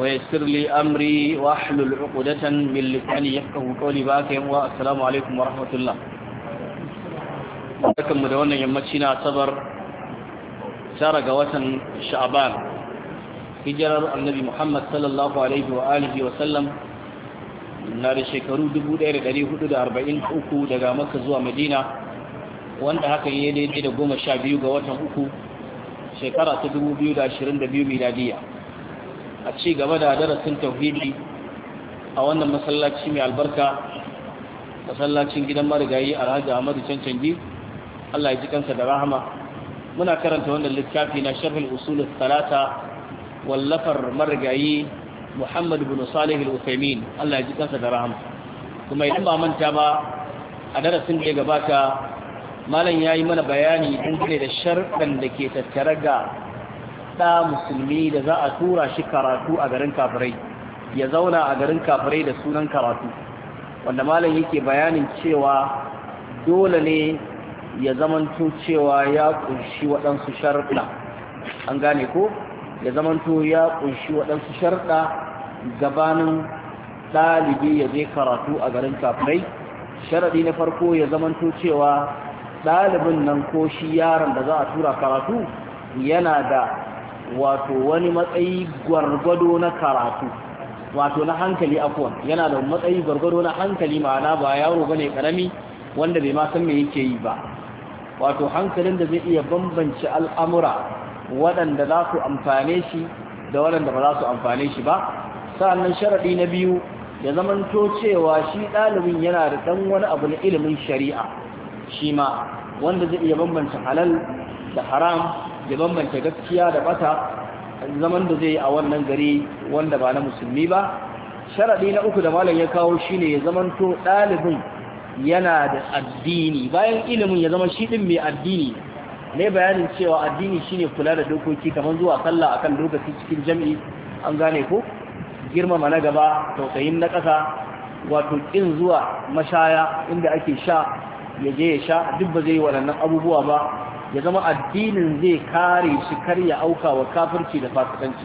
ويسر لي أمري وأحلل عقدة من يفقه قولي باكم والسلام عليكم ورحمة الله barkan mu da wannan yammaci na sabar tara ga watan sha'ban hijirar annabi muhammad sallallahu alaihi wa alihi wa sallam na da shekaru 1443 daga maka zuwa madina wanda hakan ya daidai da goma ga watan a ci gaba da darasin tauhidi a wannan masallaci mai albarka masallacin gidan marigayi a raja amadu cancangi allah ya ji kansa da rahama muna karanta wannan littafi na sharhul usul talata wallafar marigayi Muhammadu bin salih al-uthaymin allah ya ji kansa da rahama kuma idan ba manta ba a darasin da ya gabata malam ya yi mana bayani dangane da sharɗan da ke tattare ga ɗa musulmi da za a tura shi karatu a garin kafirai ya zauna a garin kafirai da sunan karatu wanda malam yake bayanin cewa dole ne ya zamanto cewa ya kunshi waɗansu sharɗa an gane ko ya zamanto ya kunshi waɗansu sharɗa gabanin ɗalibi ya je karatu a garin kafirai sharaɗi na farko ya zamanto cewa ɗalibin nan ko shi yaron da za a tura karatu yana da wato wani matsayi gwargwado na karatu wato na hankali afwan yana da matsayi gwargwado na hankali ma'ana ba yaro bane karami wanda bai ma san me yake yi ba wato hankalin da zai iya bambance al'amura waɗanda za su amfane shi da waɗanda ba za su amfane shi ba sa'annan sharaɗi na biyu ya zamanto cewa shi ɗalibin yana da ɗan wani abu na ilimin shari'a shi ma wanda zai iya bambance halal da haram ya bambanta gaskiya da bata zaman da zai a wannan gari wanda ba na musulmi ba sharadi na uku da malam ya kawo shine ya zamanto dalibin yana da addini bayan ilimin ya zama shi din mai addini ne bayanin cewa addini shine kula da dokoki kamar zuwa sallah akan lokaci cikin jami'i an gane ko girmama na gaba tausayin na ƙasa wato kin zuwa mashaya inda ake sha ya je ya sha duk ba zai waɗannan abubuwa ba ya zama addinin zai kare shi karya auka wa kafirci da fasikanci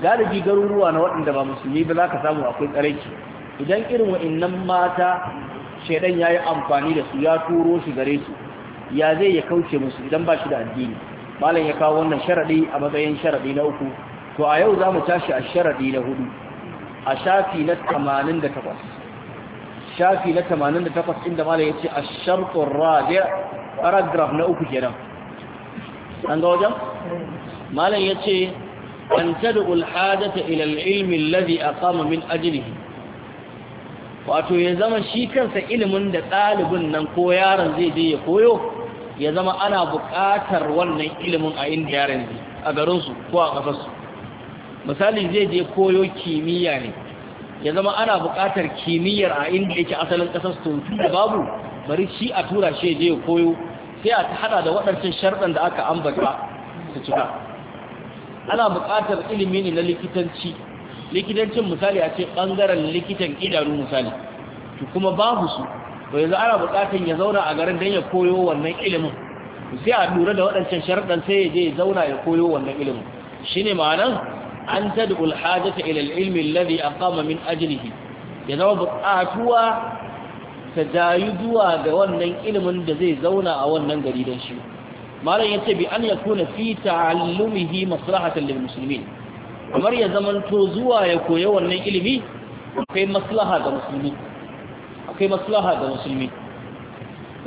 galibi garuruwa na waɗanda ba musulmi ba za ka samu akwai tsaraici idan irin wa'innan mata shaidan ya yi amfani da su ya turo shi gare su ya zai ya kauce musu idan ba shi da addini malam ya kawo wannan sharaɗi a matsayin sharaɗi na uku to a yau za mu tashi a sharaɗi na hudu a shafi na tamanin da takwas shafi na tamanin da takwas inda malam ya ce a sharɗin rajiyar paragraf na uku kenan an ga wajen malam ya ce an tad'ul hajata ila al-ilmi alladhi aqama min ajlihi wato ya zama shi kansa ilimin da ɗalibin nan ko yaron zai je ya koyo ya zama ana buƙatar wannan ilimin a inda yaron zai a garinsu ko a ƙasarsu misali zai je koyo kimiyya ne ya zama ana buƙatar kimiyyar a inda yake asalin ƙasarsu to da babu bari shi a tura shi je ya koyo sai a hada da waɗancan sharɗan da aka ambata su cika ana buƙatar ilimi ne na likitanci likitancin misali a ce ɓangaren likitan idanu misali to kuma babu su to yanzu ana buƙatar ya zauna a garin don ya koyo wannan ilimin sai a lura da waɗancan sharɗan sai ya je ya zauna ya koyo wannan ilimin shine ma'anar an tad'u al-hajata ila al-ilmi alladhi aqama min ya zama buƙatuwa ta jayu zuwa ga wannan ilimin da zai zauna a wannan gari don shi malam yace bi an yakuna fi ta'allumihi maslahatan lil muslimin kamar ya zamanto zuwa ya koya wannan ilimi akwai maslaha ga musulmi akwai maslaha ga musulmi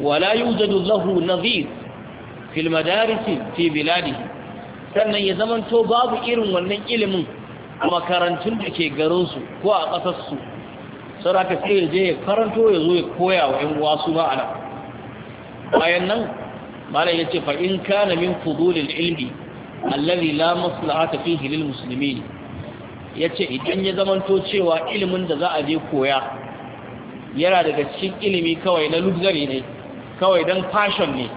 wala yujadu lahu nadhir fil madaris fi biladihi sannan ya zamanto babu irin wannan ilimin a makarantun da ke garinsu ko a ƙasarsu sau da sai ya je karanto ya zo ya koya wa ‘yan uwa su ba a bayan nan malam ya ce fa in kana min fudulil ilmi allazi la maslahata fihi lil muslimin ce idan ya zamanto cewa ilimin da za a je koya yana daga cikin ilimi kawai na luxury ne kawai dan fashon ne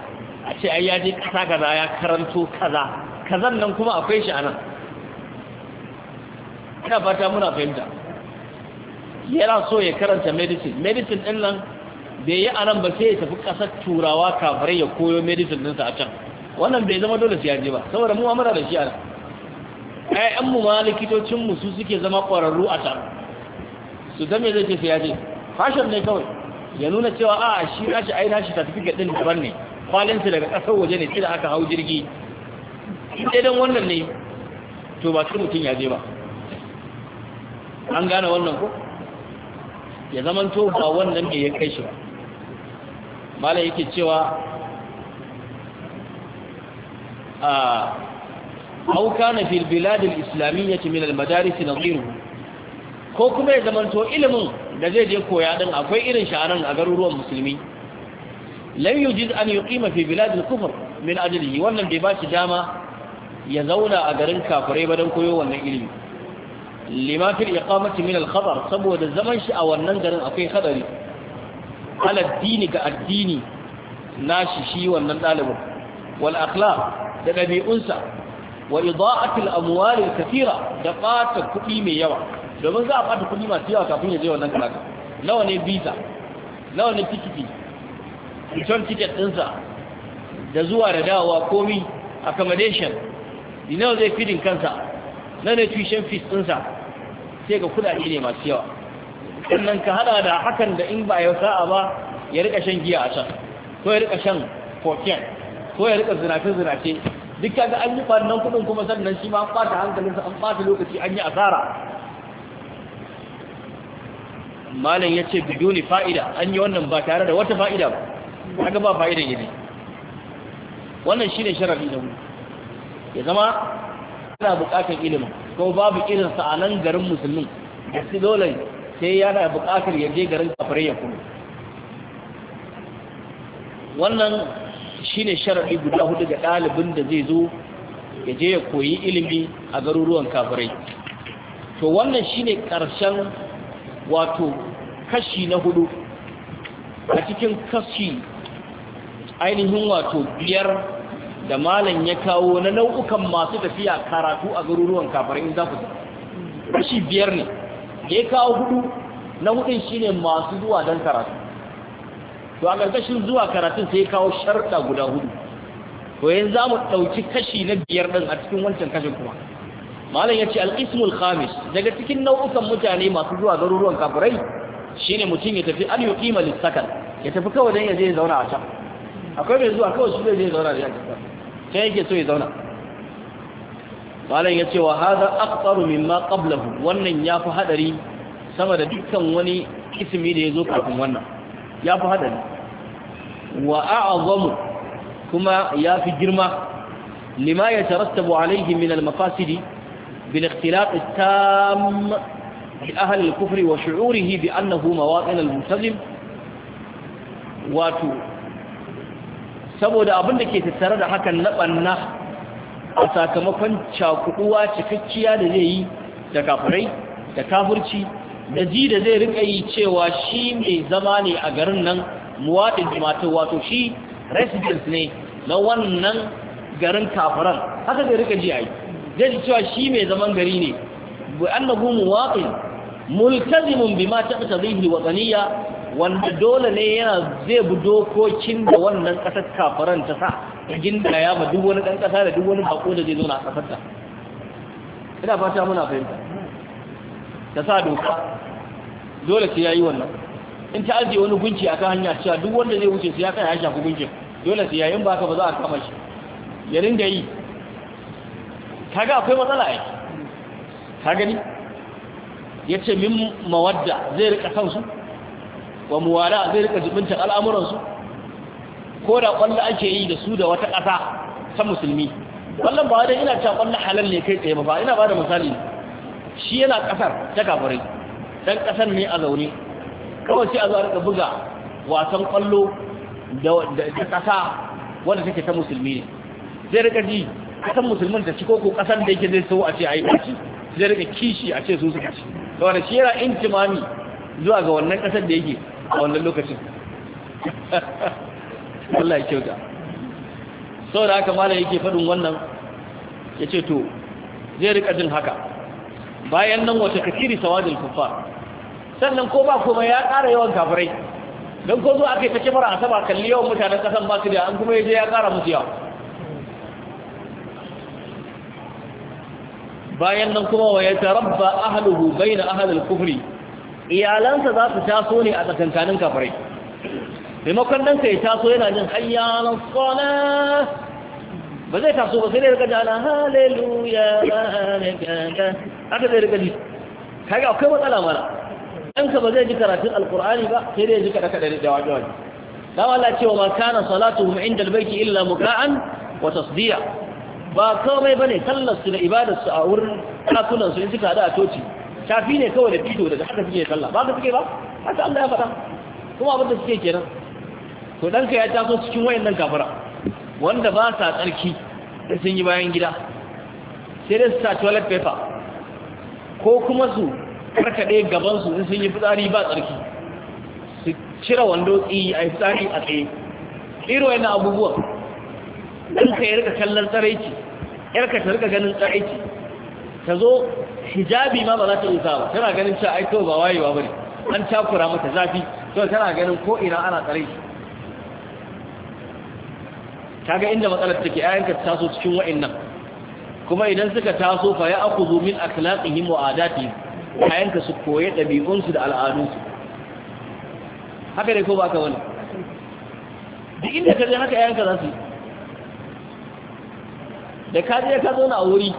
a ce ai ya je kasa kaza ya karanto kaza kazan nan kuma akwai shi anan ina fata muna fahimta yana so ya karanta medicine medicine din nan bai yi a nan ba sai ya tafi ƙasar turawa kafare ya koyo medicine ɗinsa a can wannan bai zama dole sai ya je ba saboda mu amara da shi a nan mu ma mu su suke zama ƙwararru a can su me zai ce sai ya je ne kawai ya nuna cewa a shi nashi ai nashi certificate din daban ne kwalinsa daga ƙasar waje ne sai da aka hau jirgi sai dan wannan ne to ba su mutum ya je ba an gane wannan ko ya zaman to ba wannan ya kai shi ba yake cewa a au kana fil bilad min ko kuma ya zaman to ilimin da zai je koya din akwai irin shi a garuruwan musulmi lam jiz an yuqima fi bilad kufar min ajlihi wannan bai ba shi dama ya zauna a garin kafirai ba don koyo wannan ilimi lima fil iqamati min al saboda zaman shi a wannan garin akwai hadari ala dini ga addini nashi shi wannan dalibin wal akhlaq da dabi'unsa wa ida'ati al amwal al kathira da fata kuɗi mai yawa domin za a fata kuɗi masu yawa kafin ya je wannan karatu nawa ne visa nawa ne tikiti return ticket ɗinsa da zuwa da dawowa komi accommodation nawa zai fidin kansa na ne tuition fees ɗinsa sai ga kudade ne masu yawa sannan ka hada da hakan da in ba ya sa'a ba ya rika shan giya a can ko ya rika shan koken ko ya rika zinace zinace duk kaga an yi ɓarnan kuɗin kuma sannan shi ma an ɓata sa an ɓata lokaci an yi asara malam ya ce biduni fa'ida an yi wannan ba tare da wata fa'ida ba ga ba fa'idan yi ne wannan shi ne sharafi na ya zama yana buƙatar ilimin ko babu irin sa a nan garin musulmin da su dole sai yana bukatar yaje je garin kafare ya kuma wannan shine sharadi guda hudu ga ɗalibin da zai zo ya je ya koyi ilimi a garuruwan kafare to wannan shine ƙarshen wato kashi na hudu a cikin kashi ainihin wato biyar da malam ya kawo na nau'ukan masu tafiya karatu a garuruwan kafarin za ku rashi biyar ne ya kawo hudu na hudun ne masu zuwa don karatu to a ƙarƙashin zuwa karatun sai ya kawo sharɗa guda hudu to yin za mu ɗauki kashi na biyar ɗin a cikin wancan kashin kuma malam ya ce al'ismul khamis daga cikin nau'ukan mutane masu zuwa garuruwan kafirai shine mutum ya tafi an ƙimalin lissakan ya tafi kawai don ya je ya zauna a can akwai mai zuwa kawai shi zai je ya zauna a can kai yake so ya zauna malam ya ce wa hadha aqtaru mimma qablahu wannan yafi hadari sama da dukkan wani ismi da yazo kafin wannan yafi hadari wa a'zamu kuma yafi girma lima yatarattabu alayhi min al-mafasid bil ikhtilaq at-tam bi ahli al-kufr wa shu'urihi bi annahu mawaqin al-muslim wato saboda abin da ke tattare da hakan na ɓanna a sakamakon cakuduwa cikakkiya da zai yi da kafirai da kafirci da ji da zai rika yi cewa shi mai zama ne a garin nan muwaɗin jimatar wato shi residents ne na wannan garin kafiran haka zai rika ji a yi zai ji cewa shi mai zaman gari ne bu annahu muwaɗin multazimun bi ma taɓa tazihi wa wanda dole ne yana zai bi dokokin da wannan ƙasar kafaran ta sa da ginda ya ma duk wani ɗan ƙasa da duk wani bako da zai zauna a ƙasar ta ina fata muna fahimta ta sa doka dole sai ya yi wannan in ta ajiye wani gunci kan hanya cewa duk wanda zai wuce su ya kai ya shafi gunkin dole sai ya ba ka ba za a kama shi ya ringa yi ga akwai matsala ya ka gani yace min mawadda zai rika kansu wa muwala zai rika jibinta al'amuransu ko da kwallo ake yi da su da wata ƙasa ta musulmi wannan ba wadai ina cewa kwallo halal ne kai tsaye ba ina ba da misali shi yana ƙasar ta kafirai dan ƙasar ne a zaune kawai sai a zo a rika buga wasan kwallo da ƙasa wanda take ta musulmi ne zai rika ji ƙasan musulmin ta ci koko ƙasar da yake zai so a ce a yi ƙashi zai rika kishi a ce su suka ci da wani shi yana intimami zuwa ga wannan ƙasar da yake a wannan lokacin Allah ya kyauta sau da haka malam yake faɗin wannan ya ce to zai rika jin haka bayan nan wata kasiri sawadin kufa sannan ko ba kuma ya ƙara yawan kafirai don ko zo aka yi ta kifara a saba kalli yawan mutanen ƙasan ba su da an kuma ya je ya ƙara musu yawa bayan nan kuma wa ya tarabba ahaluhu bai na ahalul kufri iyalansa za su taso ne a tsakankanin kafirai maimakon ɗanka ya taso yana jin hayyalan tsona ba zai taso ba sai da rika jana haleluya haka zai rika ji kaga akwai matsala mana ɗanka ba zai ji karatun alkur'ani ba sai dai ji kaɗa kaɗa da wajen wajen dan Allah cewa ma kana salatuhum inda albayti illa muka'an wa tasdiya ba komai ba ne su da ibadar a wurin ɗakunan in suka hada a toci shafi ne kawai da fito daga haka suke sallah ba ka suke ba haka Allah ya faɗa kuma abin da suke kenan to ka ya taso cikin wayannan kafara wanda ba sa tsarki da sun yi bayan gida sai dai su sa toilet paper ko kuma su karkaɗe gabansu in sun yi fitsari ba tsarki su cire wando tsiyi a yi fitsari a tsaye iro yana abubuwan ɗanka ya rika kallon tsaraici yarka ta rika ganin tsaraici ta zo hijabi ma ba za ta rusa ba tana ganin cewa ai kawai ba wayewa bane an takura mata zafi to tana ganin ko ina ana tsare shi kaga inda matsalar take ayyanka ta taso cikin wa'annan kuma idan suka taso fa ya akuzu min akhlaqihim wa adatihim ayyanka su koye dabi'unsu da al'adunsu haka ne ko ba ka wani duk inda ka je haka ayyanka za su da ka je ka zo na wuri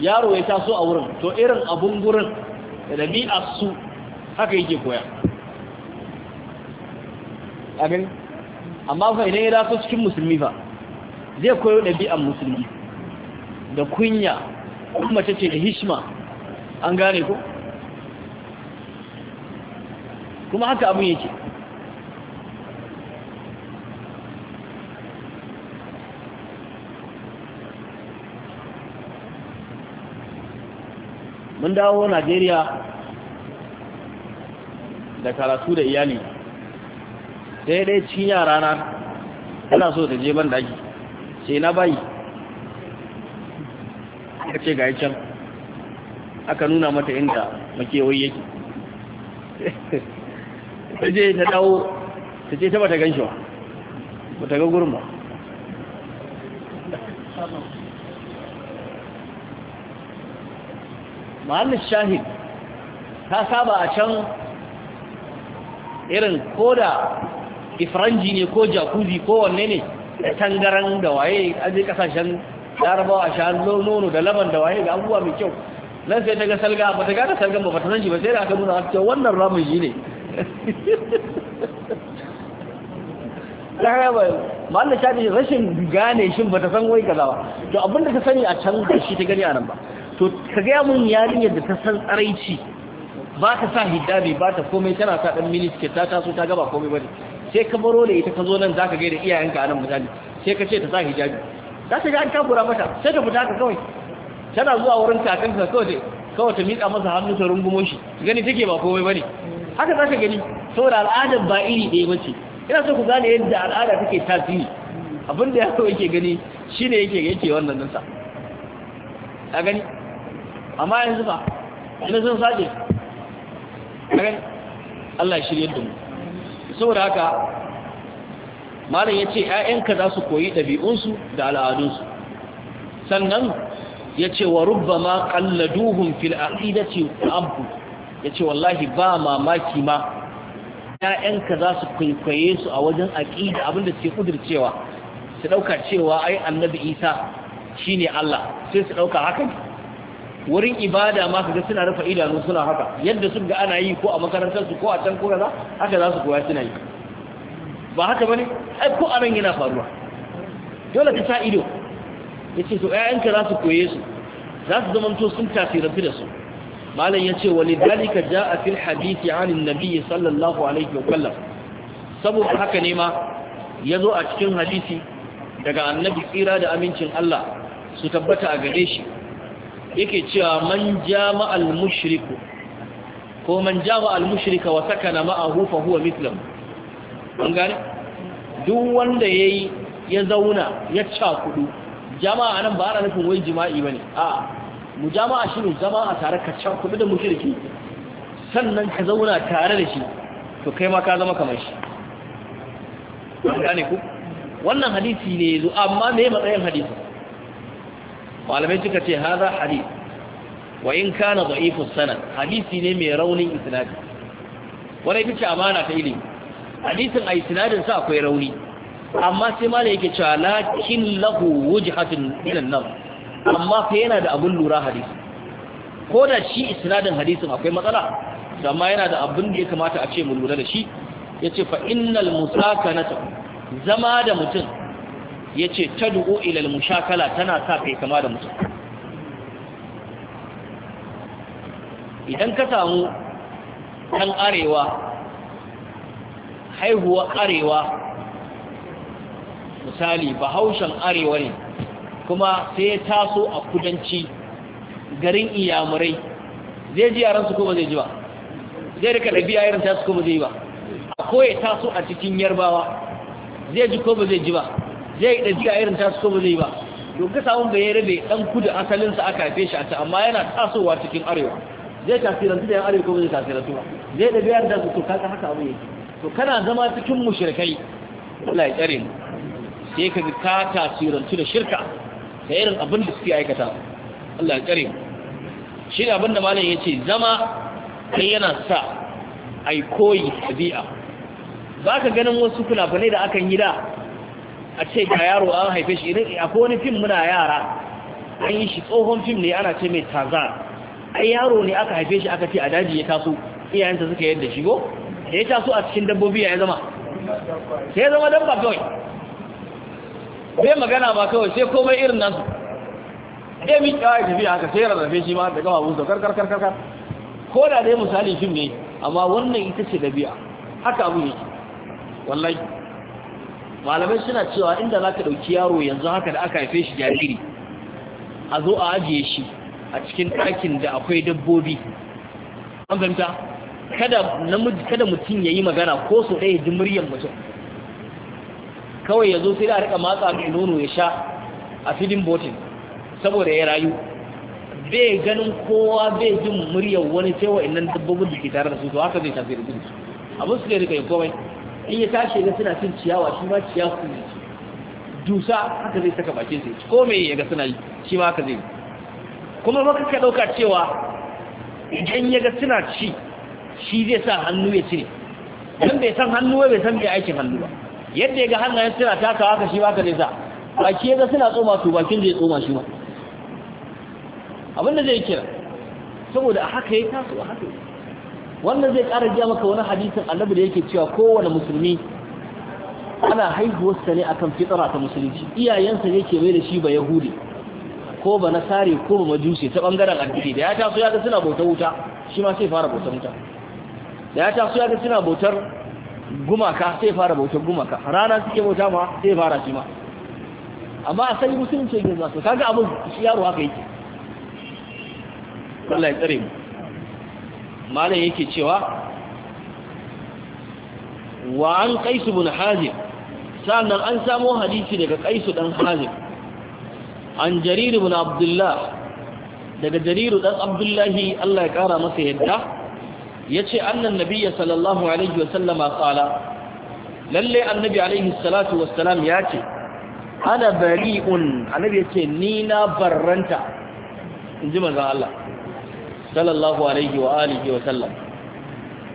yaro ya taso a wurin to irin abun gurin da ɗabi'ar su haka yake koya abin amma fa idan ya taso cikin musulmi fa zai koyo ɗabi'ar musulmi da kunya kuma ce da hishma an gane ko kuma haka abin yake mun dawo najeriya da karatu da iyali sai dai cikin yara na yana so ta je ban daki sai na bayi aka ce ga can aka nuna mata inda makewai yake ta je ta dawo ta ce ta bata gan shi ba bata ga gurin ba mahallin shahid ta saba a can irin ko da ifranji ne ko jakuzi ko wanne ne da tangaran da waye aje kasashen darba a shahar nono da laban da waye ga abubuwa mai kyau nan sai daga salga ba ta gada salgan ba ta san ba sai da aka nuna aka wannan ramin shi ne lahara ba ma'alla rashin gane shin ba ta san wai kaza ba to abinda ta sani a can da shi ta gani a nan ba to ka gaya mun yarinyar da ta san tsaraici ba ta sa hijabi ba ta komai tana sa dan miniskirt ta taso ta gaba komai bane sai ka baro da ita ka zo nan zaka gaida iyayenka anan mutane sai ka ce ta sa hijabi za ta ga an takura mata sai ta fita ka kawai tana zuwa wurin kakanka kawai kawai ta miƙa masa hannu ta rungumo shi gani take ba komai bane haka za ka gani saboda al'adar ba iri ɗaya bace ina so ku gane yadda al'ada take tasiri abinda yaro yake gani shine yake yake wannan sa a gani amma yanzu ba ina sun sace kan Allah shirye da mu saboda haka malam yace 'ya'yanka za su koyi ɗabi'unsu da al'adunsu sannan yace wa rubbama qalladuhum fil aqidati ya ce wallahi ba mamaki ma 'ya'yanka za su kwaikwaye su a wajen aqida abinda suke ƙudircewa, su ɗauka cewa ai annabi Isa shine Allah sai su ɗauka haka wurin ibada ma kaga suna rufe idanu suna haka yadda sun ga ana yi ko a makarantar su ko a can kura haka za su koya suna yi ba haka bane ai ko anan yana faruwa dole ka sa ido yace to ka za su koye su za su zama to sun tasirantu da su malam yace walidalika jaa fil hadisi an annabi sallallahu alaihi wa sallam saboda haka ne ma yazo a cikin hadisi daga annabi tsira da amincin Allah su tabbata a gare shi yake cewa man jama'al mushriku ko man jama'al mushrika wa sakana ma'ahu fa huwa mithlam an gane duk wanda yayi ya zauna ya cakudu jama'a nan ba ana nufin wai jima'i bane a mu jama'a shine zama a tare ka kudu da mushriki sannan ka zauna tare da shi to kai ma ka zama kamar shi an gane ku wannan hadisi ne yazo amma me matsayin hadisi malamai suka ce haza hadith wa in kana da'ifus sanad hadisi ne mai raunin isnadi wani ita amana ta ilimi hadisin a isnadin sa akwai rauni amma sai malai yake cewa lakin lahu wujhatun ila nan amma fa yana da abun lura hadisi ko da shi isnadin hadisin akwai matsala amma yana da abun da ya kamata a ce mu lura da shi yace fa innal musakanata zama da mutum ya ce ta dubu ilal mushakala tana sa kai kama da mutum idan ka samu kan arewa haihuwa arewa misali bahaushen arewa ne kuma sai ya taso a kudanci garin iyamurai zai ji yaransu su kuma zai ji ba zai rika ɗabi'a yaran tasu kuma zai ba a koya taso a cikin yarbawa zai ji kuma zai ji ba zai yi a irin ta su kuma zai ba to samun samu bai rabe ɗan kudu asalinsa aka haife shi a ta amma yana tasowa cikin arewa zai tasirantu da yan arewa kuma zai tasirantu ba zai ɗabi da su to kaga haka abu yake to kana zama cikin mushrikai Allah ya tsare mu sai ka ka tasirantu da shirka da irin abin da suke aikata Allah ya tsare mu shi ne abin da malam ya ce zama kai yana sa ai koyi ɗabi'a ba ka ganin wasu fina-finai da akan yi da a ce ga yaro an haife shi irin akwai wani fim muna yara an yi shi tsohon fim ne ana ce mai taza ai yaro ne aka haife shi aka ce a daji ya taso iyayensa suka yadda shigo ya taso a cikin dabbobi ya zama sai ya zama dabba kawai bai magana ba kawai sai komai irin nasu yi mika ya tafiya aka sai rarrafe shi ma da gama busa karkar karkar ko da dai misalin fim ne amma wannan ita ce dabi'a haka abu ne wallahi malamai suna cewa inda za ka ɗauki yaro yanzu haka da aka haife shi jariri a zo a ajiye shi a cikin ɗakin da akwai dabbobi an fahimta kada mutum ya yi magana ko so ɗaya ji muryar mutum kawai ya zo sai da a riƙa matsa mai nono ya sha a filin botin saboda ya rayu bai ganin kowa bai jin muryar wani cewa inan dabbobin da ke tare da su to haka zai tafi da su abin su ne rika yi komai in ya tashi ga suna cin ciyawa shi ma ciyawa ne dusa haka zai saka bakin sai ko me ya ga suna yi shi ma haka zai kuma baka ka dauka cewa idan ya ga suna ci shi zai sa hannu ya cire dan bai san hannu ba bai san bai aikin hannu ba yadda ya ga hannayen suna takawa haka shi ma haka zai sa baki ya ga suna tsoma to bakin zai tsoma shi ma abin da zai kira saboda haka ya taso haka wannan zai ƙara gaya maka wani hadisin annabi da yake cewa kowane musulmi ana haihuwarsa ne akan fitara ta musulunci iyayensa yake mai da shi ba yahudi ko ba sare ko ba majusi ta bangaren addini da ya taso ya ga suna bautar wuta shi ma sai fara bautar wuta da ya taso ya ga suna bautar gumaka sai fara bautar gumaka rana suke bauta ma sai fara shi ma amma a sai musulunci yanzu ka ga abin shi yaro haka yake Allah ya tsare mu malam yake cewa wa an qaisu bin hazim sannan an samu hadisi daga qaisu dan hazim an jarir bin abdullah daga jariru dan abdullahi Allah ya kara masa yadda yace annan nabiyyi sallallahu alaihi wasallama qala lalle annabi alaihi salatu wassalam yace ana bari'un annabi yace ni na barranta inji manzon Allah sallallahu alaihi wa alihi wa sallam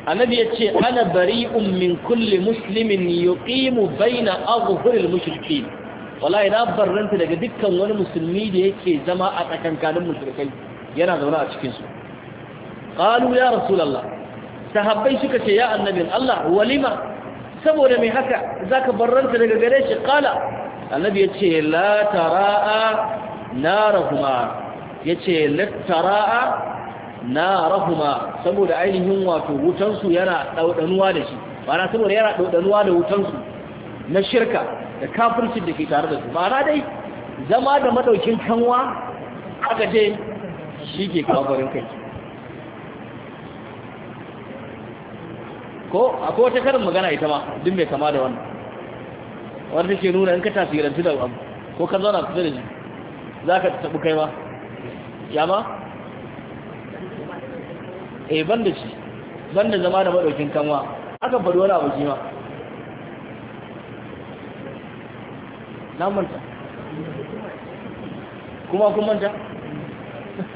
annabi yace ana bari'un min kulli muslimin yuqimu baina azhuril mushrikin wallahi na barranta daga dukkan wani musulmi da yake zama a tsakankanin mushrikai yana zaune a cikin su qalu ya rasulullah sahabbai suka ce ya annabin Allah walima saboda me haka zaka barranta daga gare shi qala annabi yace la tara'a narahuma yace la tara'a Na rahuma saboda ainihin wato wutansu yana daudanuwa da shi ma'ana saboda yana daudanuwa da wutansu na shirka da kafircin da ke tare da su ma'ana dai zama da madaukin kanwa aka je shi ke kafarin kai ko akwai wata karin magana ita ma duk mai kama da wannan wanda take nuna in ka tasirantu da abu ko ka zauna kusa da shi za ka taɓi kai ma ya ma eh ban da shi ban da zama da maɗaukin kanwa aka faɗi wani abu jima. na manta kuma kun manta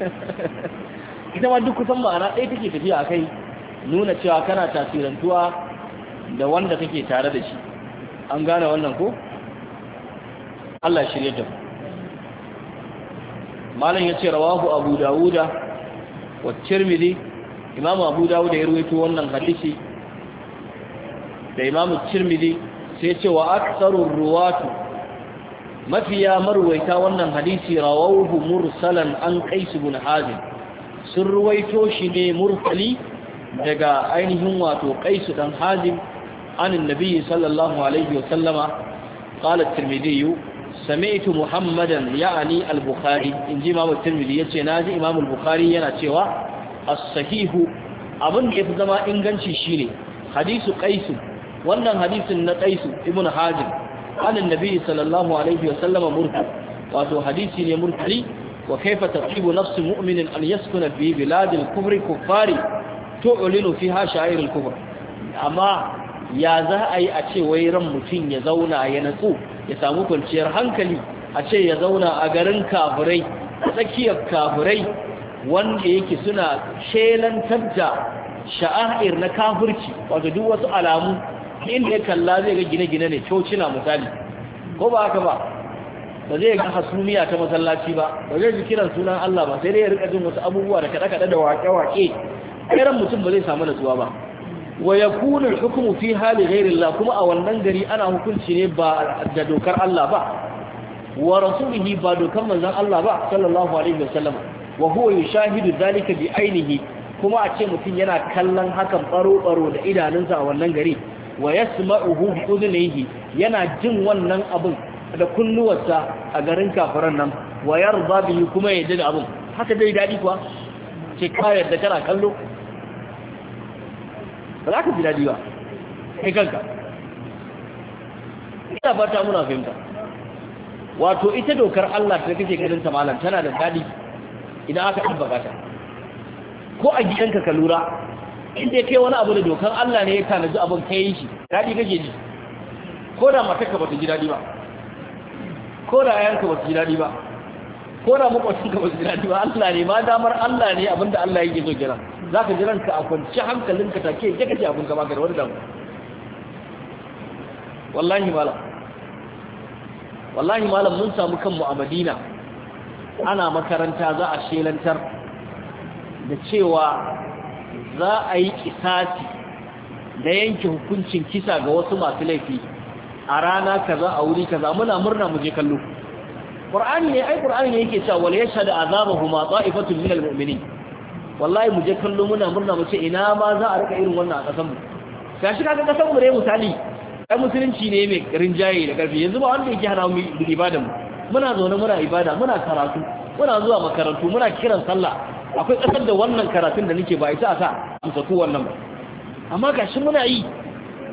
ita ma duk kusan ma'ana ɗaya take tafiya a kai nuna cewa kana tasirantuwa da wanda kake tare da shi an gane wannan ko Allah shirya ta malam ya ce rawahu abu dawuda wa tirmidhi Imam abu da ya ruwaito wannan hadisi da imamu cirmidi sai ce wa aksarun ruwatu mafiya marwaita wannan hadisi rawauhu mursalan an kaisu bin hazin sun ruwaito shi ne murtali daga ainihin wato kaisu dan hazin anin nabiyyi sallallahu alaihi wa sallama kala cirmidiyu sameitu muhammadan ya'ani al-bukhari inji ji imamu ya ce na ji imamu al yana cewa as-sahihu abin da yafi zama inganci shine hadisu qaisu wannan hadisin na qaisu ibn hajim anan nabi sallallahu alaihi wa murta wato hadisi ne murtali wa kaifa taqibu nafsu mu'minin an yaskuna fi bilad al-kufr kuffari tu'linu fiha sha'ir al-kufr amma ya za a yi a ce wai ran mutum ya zauna ya natsu ya samu kwanciyar hankali a ce ya zauna a garin kafirai a tsakiyar kafirai wanda yake suna shelantar da sha'a'ir na kafirci wato duk wasu alamu inda ya kalla zai ga gine-gine ne cocina misali ko ba haka ba ba zai ga hasumiya ta masallaci ba ba zai ji kiran sunan Allah ba sai dai ya rika jin wasu abubuwa da kaɗe-kaɗe da waƙe-waƙe ƙiran mutum ba zai samu natsuwa ba wa ya hukmu fi hali ghayri Allah kuma a wannan gari ana hukunci ne ba da dokar Allah ba wa rasulihi ba dokar manzon Allah ba sallallahu alaihi wasallam wa huwa yushahidu zalika bi ainihi kuma a ce mutum yana kallon hakan baro-baro da idanunsa a wannan gari wa yasma'uhu bi udhunihi yana jin wannan abin da kunnuwarsa a garin kafiran nan wa yarda bihi kuma ya da abin haka dai dadi kuwa ce ka yarda kana kallo ba za ka ji dadi ba kai kanka ina fata muna fahimta wato ita dokar Allah da kake ganin ta malam tana da dadi idan aka ɗabbaka ta ko a gidanka ka lura inda kai wani abu da dokar Allah ne ya tanaji abin kai shi dadi kake ji ko da matarka ba ta ji dadi ba ko da ayanka ba ta ji daɗi ba ko da makwacinka ba su daɗi ba Allah ne ma damar Allah ne abinda Allah yake so kira za ka jiran ka a kwanci hankalinka take ya kake abin ka baka da wani damu wallahi malam wallahi malam mun samu kanmu a Madina ana makaranta za a shelantar da cewa za a yi kisasi da yanke hukuncin kisa ga wasu masu laifi a rana kaza a wuri kaza muna murna mu je kallo Qur'ani ne ai Qur'ani ne yake cewa wal yashhadu azabahuma ta'ifatun minal mu'minin wallahi mu je kallo muna murna mu ce ina ma za a rika irin wannan a kasan mu gashi kaga kasan mu ne misali ai musulunci ne mai rinjaye da karfi yanzu ba wanda yake hana mu ibada mu muna zaune muna ibada muna karatu muna zuwa makarantu muna kiran sallah akwai kasar da wannan karatun da nake ba ita a sa amsa ku wannan ba amma gashi muna yi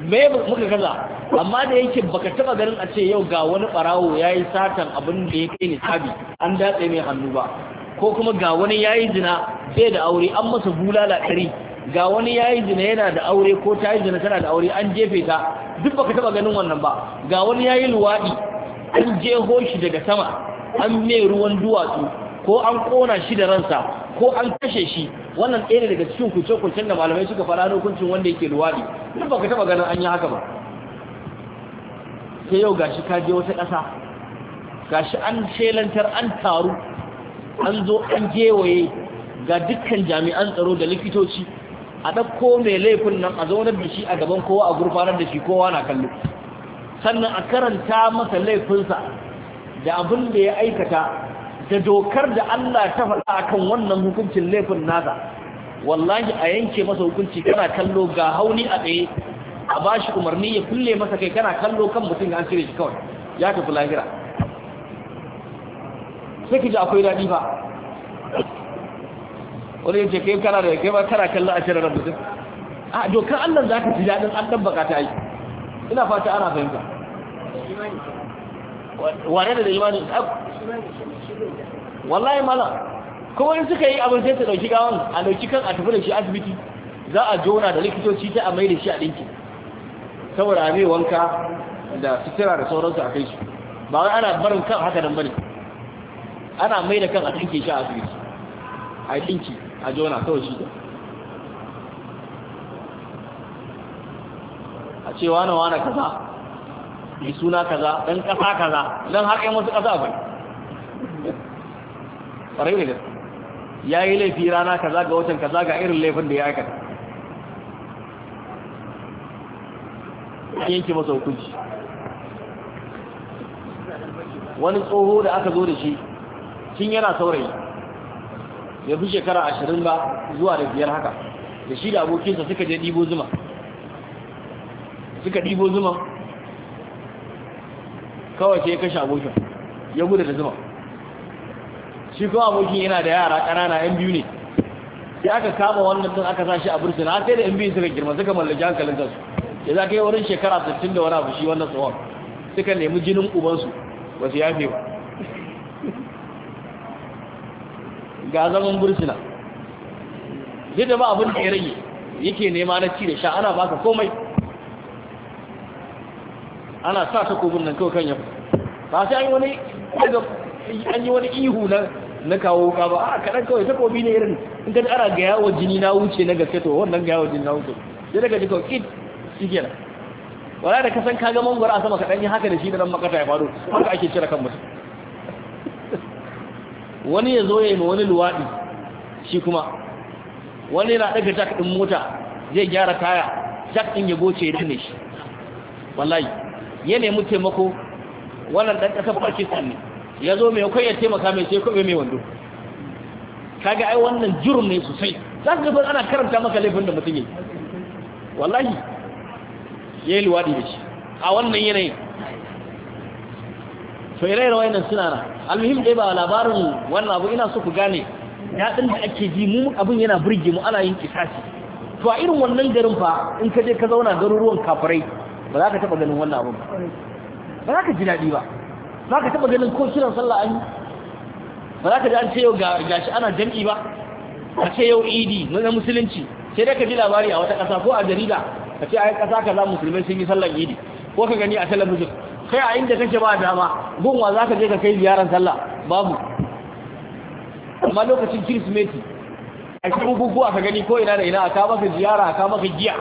me muka kaza amma da yake baka taba ganin a ce yau ga wani barawo yi satan abin da ya kai nisabi an datse mai hannu ba ko kuma ga wani ya yi zina bai da aure an masa bulala ɗari ga wani ya yi zina yana da aure ko ta yi zina tana da aure an jefe ta duk baka taba ganin wannan ba ga wani ya yi luwaɗi. an jeho shi daga sama an mai ruwan duwatsu ko an kona shi da ransa ko an kashe shi wannan ɗaya daga cikin kuce-kucen da malamai suka fara hukuncin wanda yake luwaɗi duk ba ka taɓa ganin an yi haka ba sai yau shi ka je wata ƙasa Ga shi an shelantar an taru an zo an jewaye ga dukkan jami'an tsaro da likitoci a ɗauko mai laifin nan a zaunar da shi a gaban kowa a gurfanar da shi kowa na kallo sannan a karanta masa laifinsa da abin da ya aikata da dokar da Allah ta faɗa akan wannan hukuncin laifin nasa wallahi a yanke masa hukunci kana kallo ga hauni a tsaye a bashi umarni ya kulle masa kai kana kallo kan mutum an cire shi kawai ya tafi lahira sai ki ji akwai daɗi ba wani yace kai kana da kai ba kana kallo a cire mutum a dokar Allah za ka ji daɗin an ɗan baka ta yi ina fata ana fahimta wane da abu wallahi mala kuma in suka yi abin sai su dauki gawan a dauki kan a tafi da shi asibiti za a jona da likitoci ta a mai da shi a dinki saboda a mai wanka da sutura da sauransu a kai shi ba wai ana barin kan haka nan bane ana mai da kan a dinki shi a asibiti a dinki a jona kawai shi da a ce wane wane kaza mai suna kaza dan kasa kaza dan har yan wasu kasa bai ƙwarai da gaske ya yi laifi rana kaza ga watan kaza ga irin laifin da ya aikata yanke masa hukunci wani tsoho da aka zo da shi tun yana saurayi ya fi shekara ashirin ba zuwa da biyar haka da shi da abokinsa suka je ɗibo zuma suka ɗibo zuma kawai sai ya kashe abokin ya gudu da zuma shi kuma abokin yana da yara ƙanana yan biyu ne sai aka kama wannan tun aka sashi a bursuna har sai da yan biyu suka girma suka mallaki hankalin kansu ya za ka yi wurin shekara tattun da wani abu shi wannan tsohon suka nemi jinin ubansu ba su yafe ba ga zaman bursuna duk da ba abin da ya rage yake nema na ci da sha ana baka komai ana sa takobin nan kawai kan yau. ba sai an wani an yi wani ihu na na kawo ka ba a kaɗan kawai takobi ne irin in ka ana ga yawon jini na wuce na gaske to wannan ga yawon jini na wuce sai daga ji kid it shi kenan wala da kasan ga mangwara a sama kaɗan yi haka da shi da nan makata ya faru haka ake cire kan mutum wani ya zo ya yi ma wani luwaɗi shi kuma wani yana ɗaga jak ɗin mota zai gyara taya jak ɗin ya goce ya dane shi wallahi ya nemi taimako wannan dan kasa Pakistan ne ya zo mai kai ya taimaka mai sai kobe mai wando kaga ai wannan jurum ne sosai za ka ga ana karanta maka laifin da mutum yake wallahi yayi luwadi da shi a wannan yanayin to rai rawayan suna na almuhim dai ba labarin wannan abu ina so ku gane daɗin da ake ji mu abin yana burge mu ana yin kisasi to a irin wannan garin fa in ka je ka zauna garuruwan kafirai ba za ka taɓa ganin wannan abin ba za ka ji daɗi ba ba ka taɓa ganin ko kiran sallah an yi ba za ka ji an ce yau ga shi ana jam'i ba a ce yau idi na musulunci sai dai ka ji labari a wata ƙasa ko a jarida ka ce a ƙasa ka za musulmai sun yi sallar idi ko ka gani a talabijin kai a inda kake ba dama gunwa za ka je ka kai ziyarar sallah babu amma lokacin kirismeti a cikin bukukuwa ka gani ko ina da ina a ka maka ziyara a ka maka giya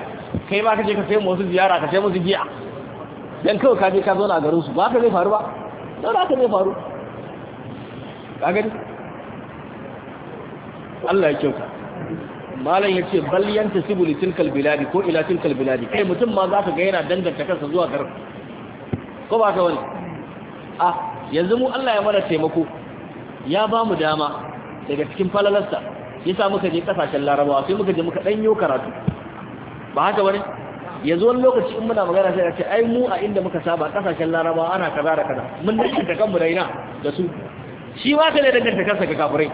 kai ma kaje ka kai musu ziyara ka kai musu giya dan kawai ka je ka zo na garin su ba ka zai faru ba dan ka zai faru ka gani Allah ya kyauta malam ya ce bal yanta sibul tilkal biladi ko ila tilkal biladi kai mutum ma za ka ga yana danganta kansa zuwa garin ko ba ka wani A yanzu mu Allah ya mana taimako ya ba mu dama daga cikin falalarsa ya sa muka je kasashen larabawa sai muka je muka ɗanyo karatu ba haka bane yanzu wani lokaci in muna magana sai ce ai mu a inda muka saba kasashen laraba ana kaza da kaza mun da kanmu da ina da su shi ma ka ne danganta kansa ga kafirai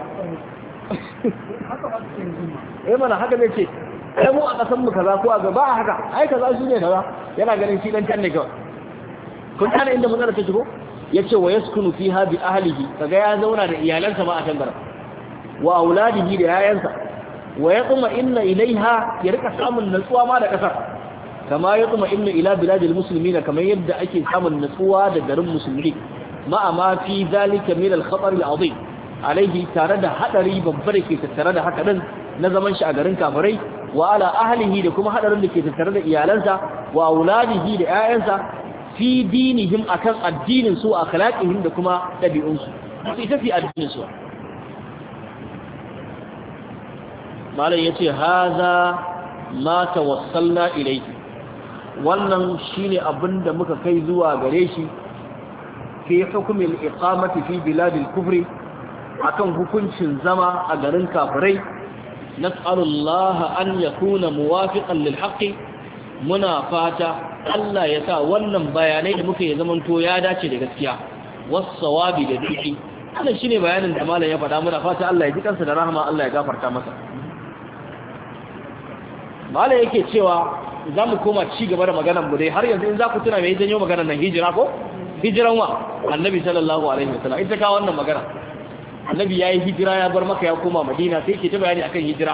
eh mana haka ne ce ai mu a kasan mu kaza ko a gaba haka ai kaza shi ne kaza yana ganin shi dan can ne kawai kun tana inda magana ta shigo yace wa yaskunu fiha bi ahlihi kaga ya zauna da iyalansa ma a can garin wa auladihi da yayansa wa ya tsuma inna ilaiha ya rika samun natsuwa ma da ƙasar kama ya tsuma inna ila biladil musulmi na kamar yadda ake samun natsuwa da garin musulmi ma'a ma fi zalika min al-khatar al-azim alaihi tare da hadari babbar ke tattare da haka din na zaman shi a garin kafirai wa ala ahlihi da kuma hadarin da ke tattare da iyalansa wa auladihi da 'ya'yansa fi dinihim akan addinin su akhlaqihim da kuma dabi'un su ita fi addinin su malam yace haza ma tawassalna ilayhi wannan shine abinda muka kai zuwa gare shi fi hukumin al fi bilad kufri akan hukuncin zama a garin kafirai nas'alullaha an yakuna muwafiqan lil haqqi muna fata Allah ya sa wannan bayanai da muka yi zamanto ya dace da gaskiya wasawabi da duki wannan ne bayanin da malam ya faɗa muna fata Allah ya ji kansa da rahama Allah ya gafarta masa malam yake cewa za mu koma ci gaba da maganar mu har yanzu in za ku tuna mai janyo maganar nan hijira ko hijiran wa annabi sallallahu alaihi wasallam ita ka wannan magana annabi yayi hijira ya bar maka ya koma madina sai ke ta bayani akan hijira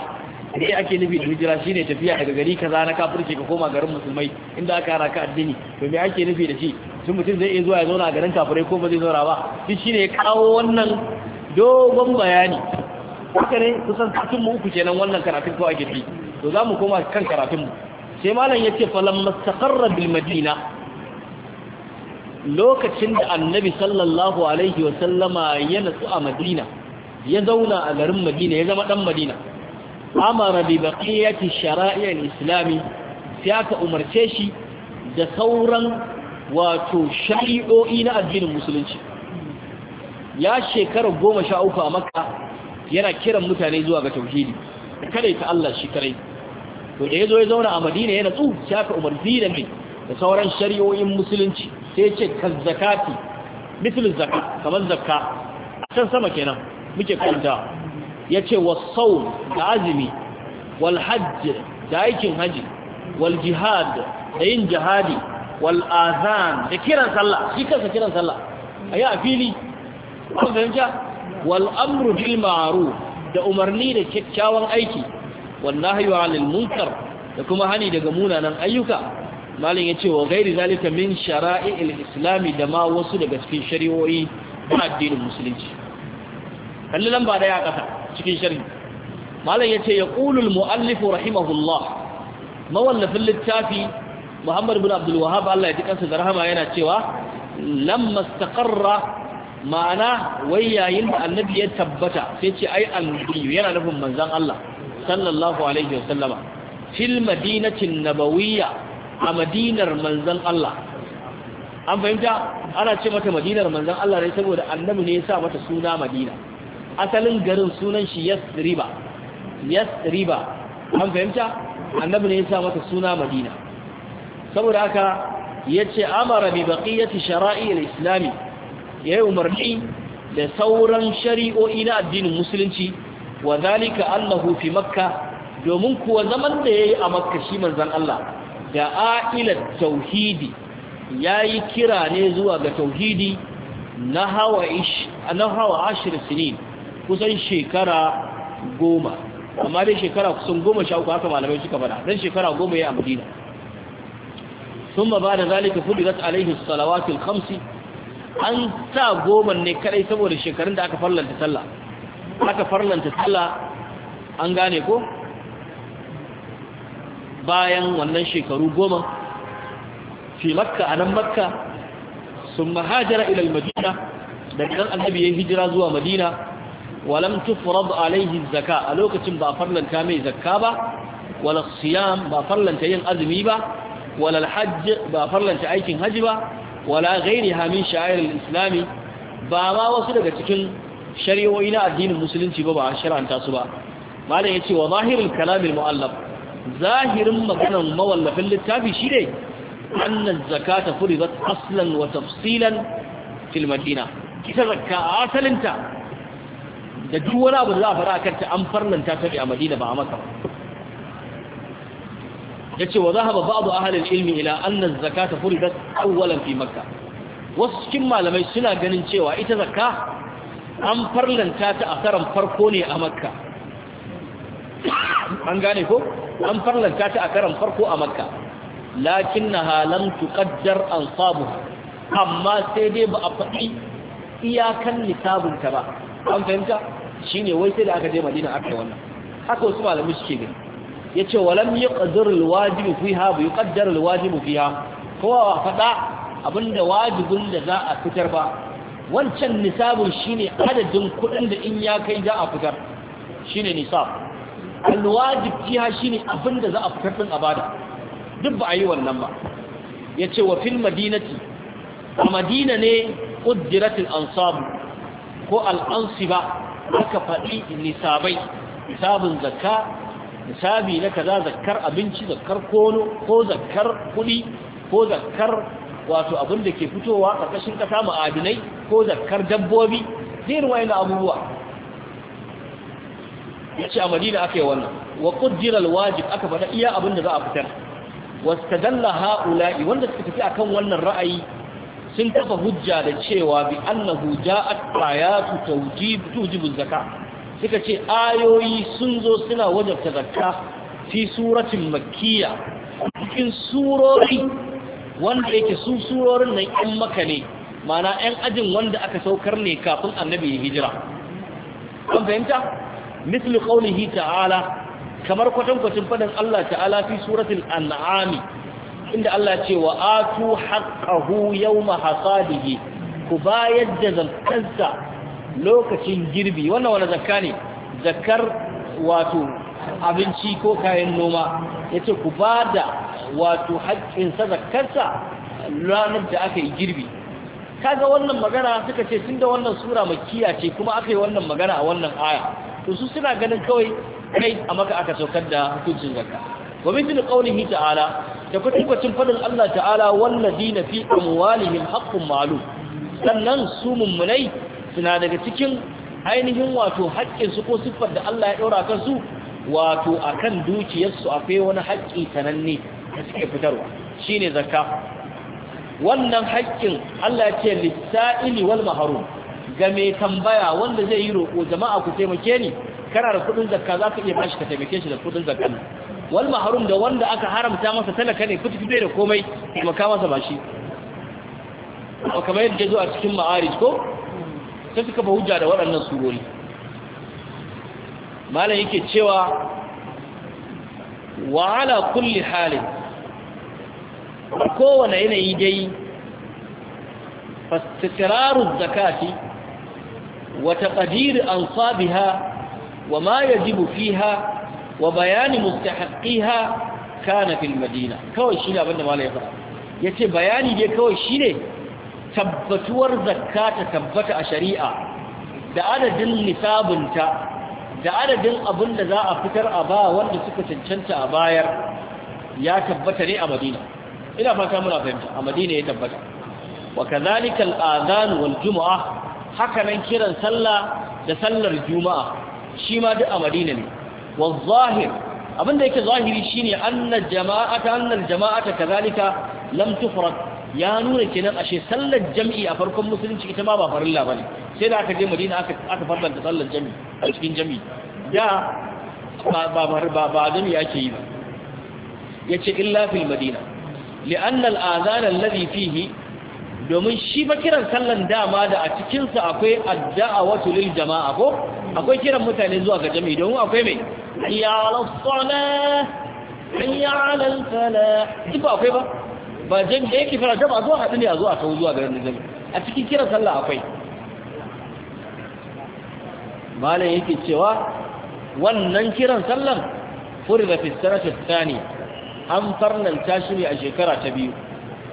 dai ake nufi da hijira shine tafiya daga gari kaza na kafirci ka koma garin musulmai inda aka hana ka addini to me ake nufi da shi tun mutum zai iya zuwa ya zauna a garin kafirai ko ba zai zauna ba shi shine ya kawo wannan dogon bayani haka ne kusan satun mu uku kenan wannan karatun ko ake fi to za mu koma kan karatunmu sai malam ya ce falon mastakarra bil lokacin da annabi sallallahu alaihi wasallama ya natsu a madina ya zauna a garin madina ya zama dan madina amara bi baqiyati shara'i'il islami sai aka umarce shi da sauran wato shari'o'i na addinin musulunci ya shekara goma sha uku a makka yana kiran mutane zuwa ga tauhidi da kada ta Allah shi kare to da yazo ya zauna a Madina ya natsu sai umar umarci da mai da sauran shari'o'in musulunci sai ce kaz zakati mithlu zakat kamar zakka a can sama kenan muke kanta yace was-sawm da azumi wal hajj da aikin haji wal jihad da yin jihadi wal azan da kiran sallah shi kansa kiran sallah ayi a fili kun fahimta wal amru bil ma'ruf da umarni da kyakkyawan aiki wallahi wa anil munkar da kuma hani daga munanan ayyuka malin yace wa gairi zalika min shara'il islami da ma wasu daga cikin shari'o'i na addinin musulunci kalli lamba daya a kasa cikin shari'i malin yace ya al muallif rahimahullah mawallafin littafi Muhammad bin Abdul Wahhab Allah ya ji kansa da rahama yana cewa lamma istaqarra ma'ana wai yayin da annabi ya tabbata sai ce ai al annabi yana nufin manzon Allah sallallahu alaihi wasallama fil madinatin nabawiyya a madinar manzon Allah an fahimta ana ce mata madinar manzon Allah ne saboda annabi ne ya sa mata suna madina asalin garin sunan shi yasriba yasriba an fahimta annabi ne ya sa mata suna madina saboda haka yace amara bi baqiyati shara'i al islamiyya. ya yi umarni da sauran shari'o'i na addinin musulunci wa zalika allahu fi makka domin kuwa zaman da ya yi a makka shi manzan Allah da a'ilar tauhidi ya yi kira ne zuwa ga tauhidi na hawa ashir sinin kusan shekara goma amma dai shekara kusan goma sha uku haka malamai suka fada don shekara goma ya yi a madina sun ba da zalika fulirat alaihi salawatul khamsi an sa goma ne kadai saboda shekarun da aka farlanta talla. aka farlanta talla, an gane ko bayan wannan shekaru goma fi makka a nan makka sun mahajara ilal madina daga nan annabi ya hijira zuwa madina walam tufrad alaihi zakka a lokacin ba farlanta mai zakka ba wala siyam ba farlanta yin azumi ba wala hajj ba farlanta aikin haji ba wala gairi min sha'air al-islam ba ma wasu daga cikin shari'o'i na addinin musulunci ba ba shar'anta su ba malam yace wa zahirul kalam al-mu'allaf zahirin maganar mawallafin littafi shine anna zakata furidat aslan wa tafsilan fil madina kita zakka asalinta da duk wani abu da za a fara kanta an farnanta ta a madina ba a maka ba yace wa zahaba ba'du ahli al-ilmi ila anna az-zakata furidat awwalan fi makkah wasu cikin malamai suna ganin cewa ita zakka an farlanta ta a karan farko ne a makka an gane ko an farlanta ta a karan farko a makka lakinnaha lam tuqaddar ansabuha amma sai dai ba a faɗi iyakan nisabinta ba an fahimta shine wai sai da aka je madina aka yi wannan haka wasu malamai suke gani yace walam yaqdir alwajibu fiha bi wajibi alwajibu fiha kowa fada abinda wajibin da za a fitar ba wancan nisabun shine adadin kuɗin da in ya kai za a fitar ne nisab alwajib fiha shine abinda za a fitar a bada duk ba a yi wannan ba yace wa fil madinati a madina ne quddirat al ko al-ansiba aka faɗi nisabai nisabun zakka misali na kaza zakkar abinci zakkar kono ko zakkar kuɗi ko zakkar wato abin da ke fitowa ƙarƙashin ƙasa ma'adinai ko zakkar dabbobi zai ruwa yana abubuwa ya ce a madina aka yi wannan wa ƙuddirar wajib aka faɗa iya abin da za a fitar wasta dalla ha'ula'i wanda suka tafi akan wannan ra'ayi sun kafa hujja da cewa bi annahu ja'at ayatu tawjib tujibu zakah suka ce ayoyi sun zo suna wajabta zakka fi suratin makkiya cikin surori wanda yake su surorin nan yan maka ne mana yan ajin wanda aka saukar ne kafin annabi ya hijira an fahimta mislu qawlihi ta'ala kamar kwatankwacin faɗin Allah ta'ala fi suratul an'ami inda Allah ce wa atu haqqahu yawma hasadihi ku bayar da zakkarsa lokacin girbi wannan wani zakka ne zakkar wato abinci ko kayan noma ya ce ku ba da wato haƙƙinsa zakkarsa ranar da aka yi girbi kaga wannan magana suka ce tun da wannan sura mai ce kuma aka yi wannan magana a wannan aya to su suna ganin kawai kai a maka aka saukar da hukuncin zakka wa mithlu qawlihi ta'ala da kwatankwacin fadin Allah ta'ala walladina fi amwalihim haqqun ma'lum sannan su suna daga cikin ainihin wato haƙƙinsu ko siffar da Allah ya ɗora kan su wato a kan dukiyarsu akwai wani haƙƙi sananne da suke fitarwa shi ne zakka wannan haƙƙin Allah ya ce lissa'ili wal maharum ga mai tambaya wanda zai yi roƙo jama'a ku taimake ni kana da kuɗin zakka za ka iya bashi ka taimake shi da kuɗin zakka wal maharum da wanda aka haramta masa talaka ne fitu bai da komai taimaka masa ba shi kamar yadda zo a cikin ma'arij ko sai suka ba hujja da waɗannan surori malam yake cewa wa ala kulli halin kowane yanayi dai fastirarun zakati wa ƙadir an wa ma ya fiha wa bayani mustahaƙiha kana fil madina kawai shi ne abinda malam ya faɗa Yace bayani dai kawai shi ne tabbatuwar zakka ta tabbata a shari'a da adadin nisabinta da adadin abin da za a fitar a ba wanda suka cancanta a bayar ya tabbata ne a madina ina fata muna fahimta a madina ya tabbata wa kazalika al-adhan wal jumu'a haka nan kiran sallah da sallar juma'a shi ma duk a madina ne wal zahir abinda yake zahiri shine anna jama'ata annal jama'ata kazalika lam tufrad ya nuna kenan ashe sallar jam'i a farkon musulunci ita ma ba farilla bane sai da aka je Madina aka aka farlanta sallar jam'i a cikin jami'i. da ba ba ba ba jam'i yake yi ba yace illa fil madina li'an al-azan alladhi fihi domin shi ba kiran sallan dama da a cikin sa akwai addu'a lil jama'a ko akwai kiran mutane zuwa ga jami'i domin akwai mai hayya ala salah hayya ala al-falah ba akwai ba ba jami da yake fara jama a zuwa haɗu ne a zuwa kawo zuwa garin jami a cikin kiran sallah akwai malam yake cewa wannan kiran sallan furida fi fista ne an farnanta shi ne a shekara ta biyu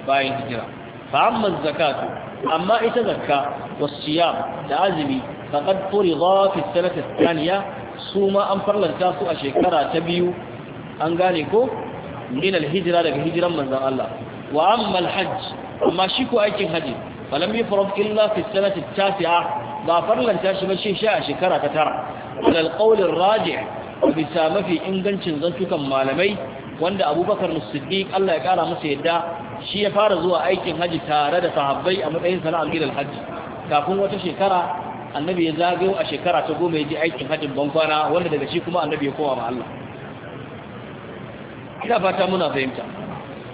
bayan hijira fa amma zakatu amma ita zakka wasu wasiyam da azumi faqad furida fista sanata tsaniya su ma an farnanta su a shekara ta biyu an gane ko min al-hijra daga hijiran manzan Allah wa amma alhajj amma shi ko aikin haji falam yafrad illa fi sanati tasi'a ba farlanta shi ba shi a shekara ta tara ala alqawl arrajih bisa mafi ingancin zantukan malamai wanda abubakar siddiq Allah ya kara masa yadda shi ya fara zuwa aikin haji tare da sahabbai a matsayin sana'ar gidan haji kafin wata shekara annabi ya zagayo a shekara ta goma ya je aikin hajjin bankwana wanda daga shi kuma annabi ya koma ma Allah ina fata muna fahimta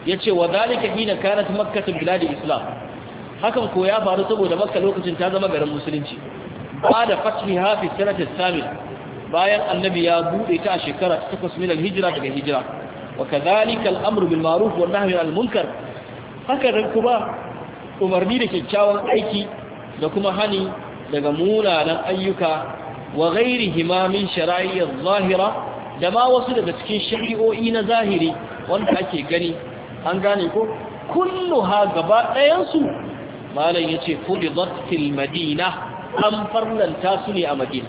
yace wa zalika hina kanat makkah bilad islam hakan ko ya faru saboda makka lokacin ta zama garin musulunci ba da fathiha fi sanati samin bayan annabi ya bude ta a shekara ta 8 hijira daga hijira wa kadhalika al-amru bil ma'ruf wa nahyi anil munkar haka kuma umarni da kyakkyawan aiki da kuma hani daga munanan ayyuka wa ghairihima min shara'i adh-dhahira da ma wasu daga cikin shari'o'i na zahiri wanda ake gani an gane ko kulluha gaba ɗayansu malam ya ce fulidat fil madina an farlanta su ne a madina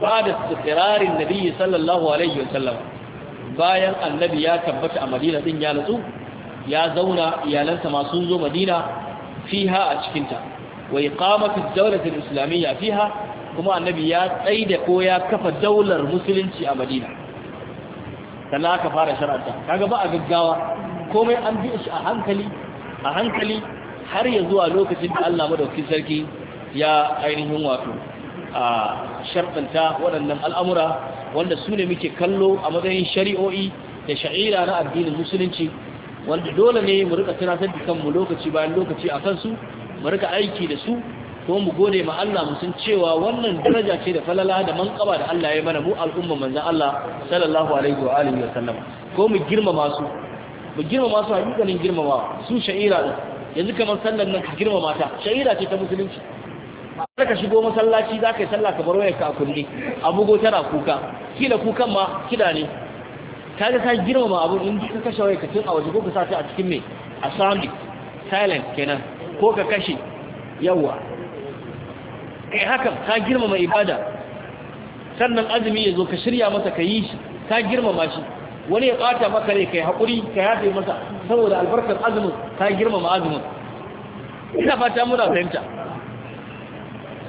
ba da tsirarin nabi sallallahu alaihi wasallam bayan annabi ya tabbata a madina din ya nutsu ya zauna iyalansa masu zo madina fiha a cikinta kama iqamatu dawlatil islamiyya fiha kuma annabi ya tsaida ko ya kafa daular musulunci a madina sannan aka fara sharaata kaga ba a gaggawa komai an bi shi a hankali a hankali har ya zuwa lokacin da Allah madaukakin sarki ya ainihin wato a sharɗanta waɗannan al'amura wanda su ne muke kallo a matsayin shari'o'i da sha'ira na addinin musulunci wanda dole ne mu rika tunatar da kanmu lokaci bayan lokaci a kansu mu rika aiki da su ko mu gode ma Allah mu sun cewa wannan daraja ce da falala da manƙaba da Allah ya mana mu al'umma manzon Allah sallallahu alaihi wa alihi wasallam ko mu girmama su mu girmama su hakikanin girmama su sha'ira din yanzu kamar sallar nan ka girmama ta sha'ira ce ta musulunci har ka shigo masallaci zaka yi sallah ka bar ka a kunne abugo tana kuka kila kukan ma kida ne ga ka girmama abu in ka kashe ka tun a waje ko ka sa ta a cikin me a sami silent kenan ko ka kashe yawa kai hakan ka girmama ibada sannan azumi ya zo ka shirya masa ka yi shi ka girmama shi wani ya ɓata maka ne kai haƙuri ka yafe masa saboda albarkar azumin ka girmama azumin ina fata muna fahimta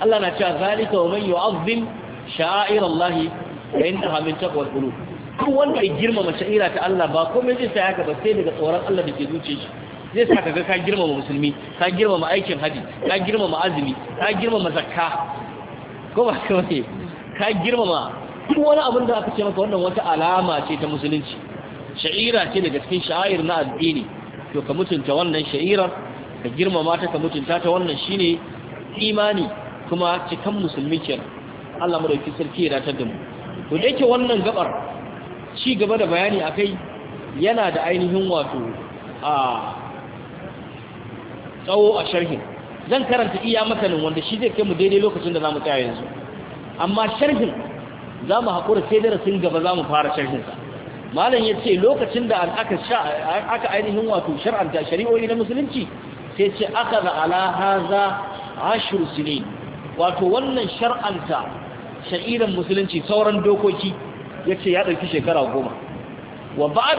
Allah na cewa zalika wa man yu'azzim sha'air Allah fa intaha min taqwa al-qulub duk wanda ya girmama sha'ira ta Allah ba komai zai sa haka ba sai daga tsoron Allah da ke zuce shi zai sa ka ga ka girmama musulmi ka girmama aikin haji ka girmama azumi ka girmama zakka ko ba ka wani ka girmama duk wani abin da aka ce maka wannan wata alama ce ta musulunci sha'ira ce daga cikin sha'ir na addini to ka mutunta wannan sha'irar ka girmama ta ka mutunta ta wannan shine imani kuma cikan musulmi kenan Allah mu dauki sarki ya datar da mu to da yake wannan gabar ci gaba da bayani akai yana da ainihin wato a tsawo a sharhin zan karanta iya matanin wanda shi zai kai mu daidai lokacin da za mu tsaya yanzu amma sharhin za mu haƙura sai darasin gaba za mu fara sharhinsa malam ya ce lokacin da aka ainihin wato shar'anta shari'o'i na musulunci sai ce aka da alahaza ashiru sine wato wannan shar'anta sha'iran musulunci sauran dokoki ya ce ya ɗauki shekara goma wa ba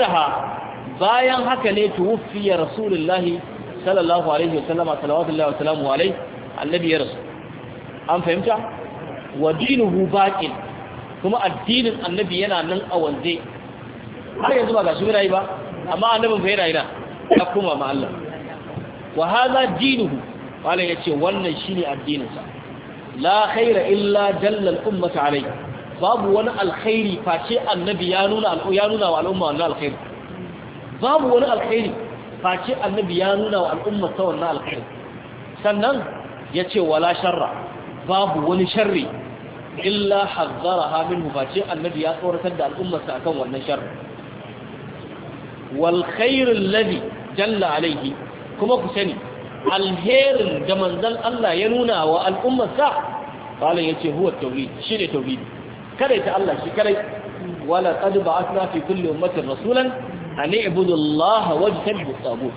bayan haka ne tuwufiya rasulullahi sallallahu alaihi wasallam wa salamu alaihi annabi ya rasu an fahimta wa dinuhu baqin kuma addinin annabi yana nan a wanze har yanzu ba ga shi rayi ba amma annabin fa yana ina ya kuma ma Allah wa hadha dinuhu wala yace wannan shine addinin sa la khaira illa dalla al ummata alayhi babu wani alkhairi face annabi ya nuna wa al'umma wannan alkhairi babu wani alkhairi face annabi ya nuna wa al'umma ta wannan alkhairi sannan ya ce wala sharra babu wani sharri illa hazzaraha minhu face annabi ya tsoratar da al'ummarsa akan wannan sharri wal khairul ladhi jalla alaihi kuma ku sani alherin da manzon Allah ya nuna wa al'ummarsa qala yace huwa tauhid shine tauhid kada ta Allah shi kare wala qad ba'athna fi kulli ummatin rasulan an ibudu Allah wajtanibu tagut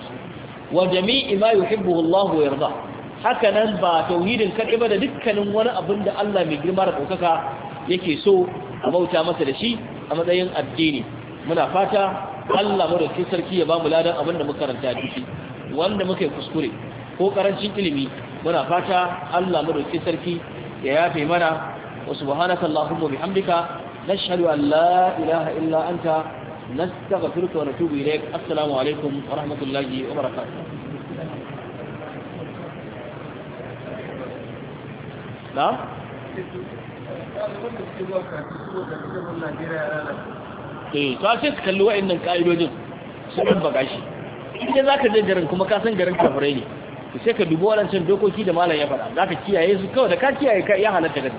wa jami'i ma yuhibbu Allah wa yarda haka nan ba tauhidin kaɗai ba da dukkanin wani abin da Allah mai girma da ɗaukaka yake so a bauta masa da shi a matsayin addini muna fata Allah madaukakin sarki ya bamu ladan abin da muka karanta duki wanda muka yi kuskure ko karancin ilimi muna fata Allah madaukakin sarki ya yafe mana wa subhanaka allahumma bihamdika nashhadu an la ilaha illa anta نستغفرك ونتوب إليك السلام عليكم ورحمة الله وبركاته نعم eh ka ce ka kalli wa'annan ka'idojin su ɗan baka shi inda za ka je garin kuma ka san garin kafirai ne to sai ka dubi waɗancan dokoki da malam ya faɗa za ka kiyaye su kawai da ka kiyaye ka ya halatta gani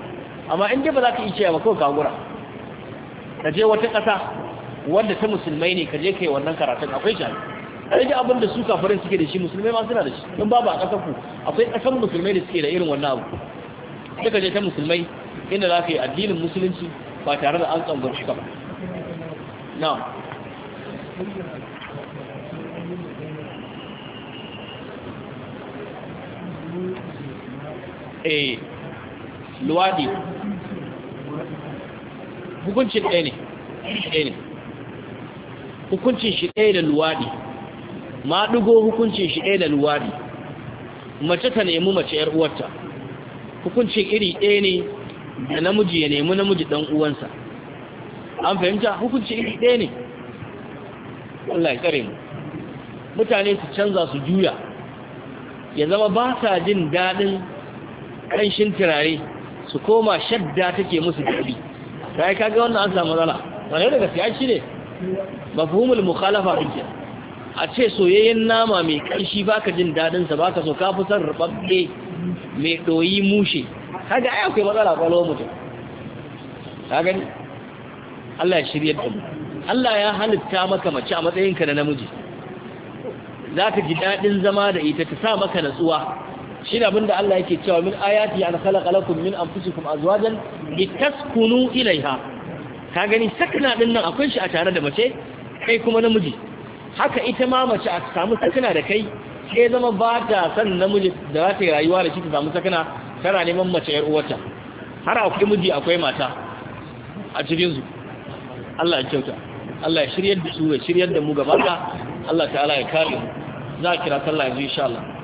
amma in dai ba za ka iya kiyaye ba kawai ka gura ka je wata ƙasa wanda ta musulmai ne kaje kai wannan karatun akwai shi rage abin da su kafirin suke da shi musulmai ma suna da shi don babu a ƙasar ku akwai ƙasar musulmai da suke da irin wannan abu sai kaje ta musulmai inda za ka yi addinin musulunci ba tare da an tsangon shi ba na eh luwadi hukuncin ɗaya ne ɗaya ne hukuncin shi ɗaya da luwaɗi maɗigo hukuncin shi ɗaya da luwaɗi mace ta nemi mace ‘yar uwarta hukuncin iri ɗaya ne da namiji ya nemi namiji ɗan uwansa an fahimta hukuncin iri ɗaya ne Allah ya kare mu mutane su canza su juya ya zama ba sa jin daɗin ƙanshin turare su koma shadda take musu daɗi ta yi kaga wannan an samu zala wane daga siya ne al mukhalafa dinka a ce soyayyen nama mai karshi baka jin dadin sa baka so kafi san rubabbe mai doyi mushe kaga ai akwai matsala kwalo mu kaga Allah ya shirye da mu Allah ya halitta maka mace a matsayinka na namiji zaka ji dadin zama da ita ta sa maka natsuwa shine abinda Allah yake cewa min ayati an khalaqa lakum min anfusikum azwajan litaskunu ilaiha ka gani sakna din nan akwai shi a tare da mace kai kuma namiji haka ita ma mace a samu sakna da kai sai zama ba ta san namiji da za ta yi rayuwa da shi ta samu sakna tana neman mace yar uwarta har akwai miji akwai mata a cikin su Allah ya kyauta Allah ya shiryar da su ya shiryar da mu gaba Allah ta'ala ya kare mu za a kira sallah yanzu insha Allah